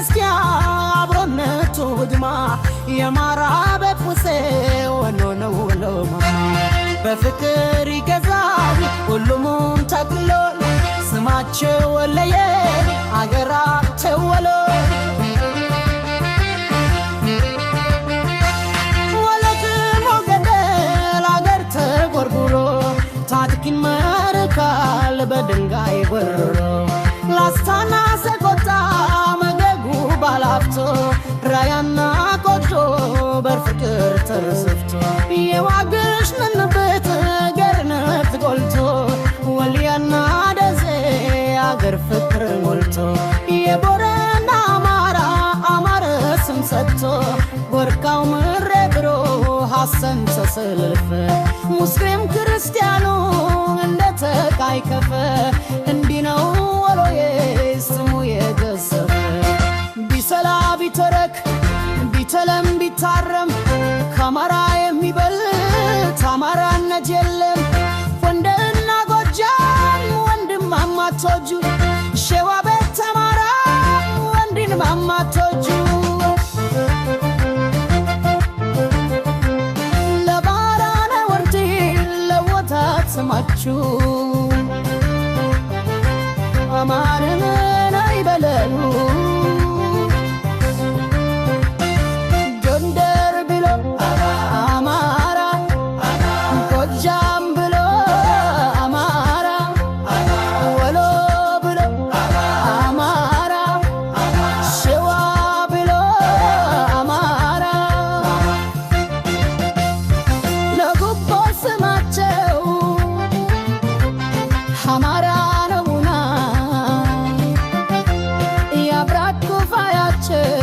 እስኪያ አብሮነቱ ድማ የማራ በቁሴ ወኖ ነው ለማ በፍቅር ይገዛል ሁሉሙም ተክሎ ስማቸው ወለየ አገራቸው ወሎ በድንጋይ ወሮ ፍቅር ፍቅር ሞልቶ የቦረና አማራ አማረ ስም ሰጥቶ ወርቃው ምሬ ብሮ ሐሰን ተሰልፈ ሙስሊም ክርስቲያኑ እንደ ተቃይከፈ እንዲህ ነው ወሎዬ ስሙ የገዘፈ ቢሰላ ቢተረክ ቢተለም ቢታረ true. አማራ ነውና ያብራኩ ፋያቸው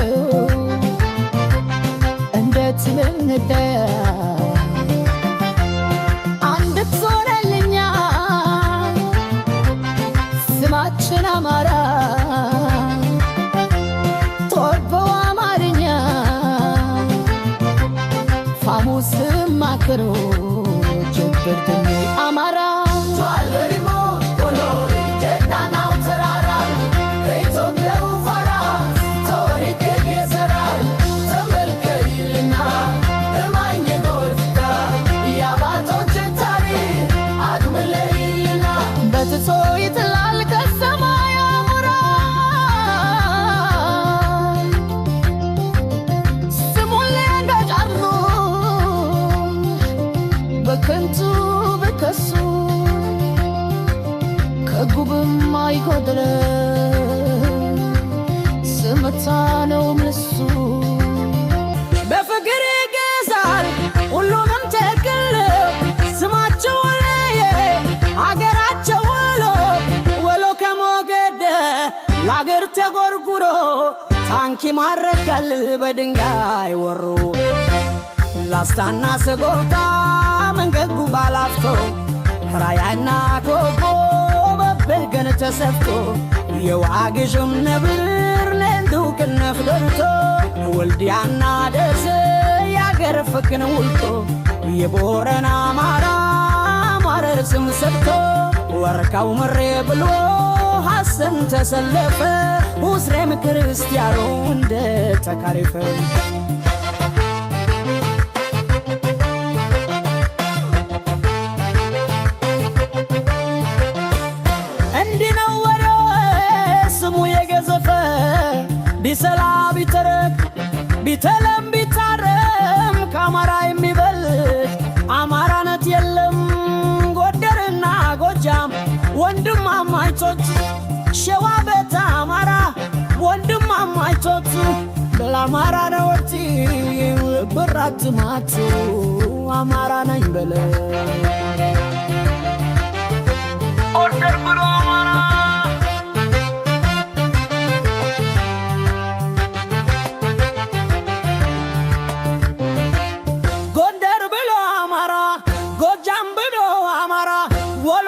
እንዴት ልንደ አንድት ሆነልኛ ስማችን አማራ ጦርቦ አማርኛ ፋሙስም አክሮ ችግርትሜ አማራ ባንኪ ማረከል በድንጋይ ወሩ ላስታና ሰጎታ መንገጉ ባላፍቶ ራያና ኮቦ በበገን ተሰፍቶ የዋግዥም ነብር ሌንዱቅነፍ ደርቶ ወልዲያና ደሴ ያገር ፍክን ውልቶ የቦረና ማራ ማረስም ሰብቶ ወርካው ምሬ ብሎ ሐሰን ተሰለፈ ሙስሬም ክርስቲያኖ እንደ ተካሪፈ እንዲህ ነው ወሬው ስሙ የገዘፈ ቢሰላ ቢተረክ ቢተለም ቢታረም ከአማራ የሚ ሸዋ ቤተ አማራ ወንድም አማቾቱ ለአማራ ነው ወርቲ አማራ ነኝ በለ ኦርደር ብሎ አማራ ጎንደር ብሎ አማራ ጎጃም ብሎ አማራ ወሎ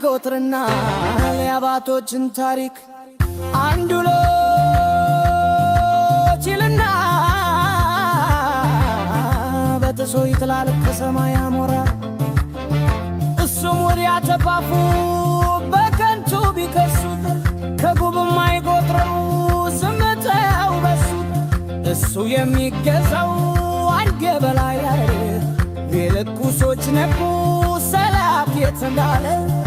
ይቆጥርና ለአባቶችን ታሪክ አንዱ ሎችልና በጥሶ ይጥላል ከሰማይ አሞራ እሱም ወዲያ ተፋፉ በከንቱ ቢከሱት ከጉብማ አይቆጥረው ስምጠው በሱ እሱ የሚገዛው አንገበላይ ቢለኩሶች ነቁ ሰላፍ የት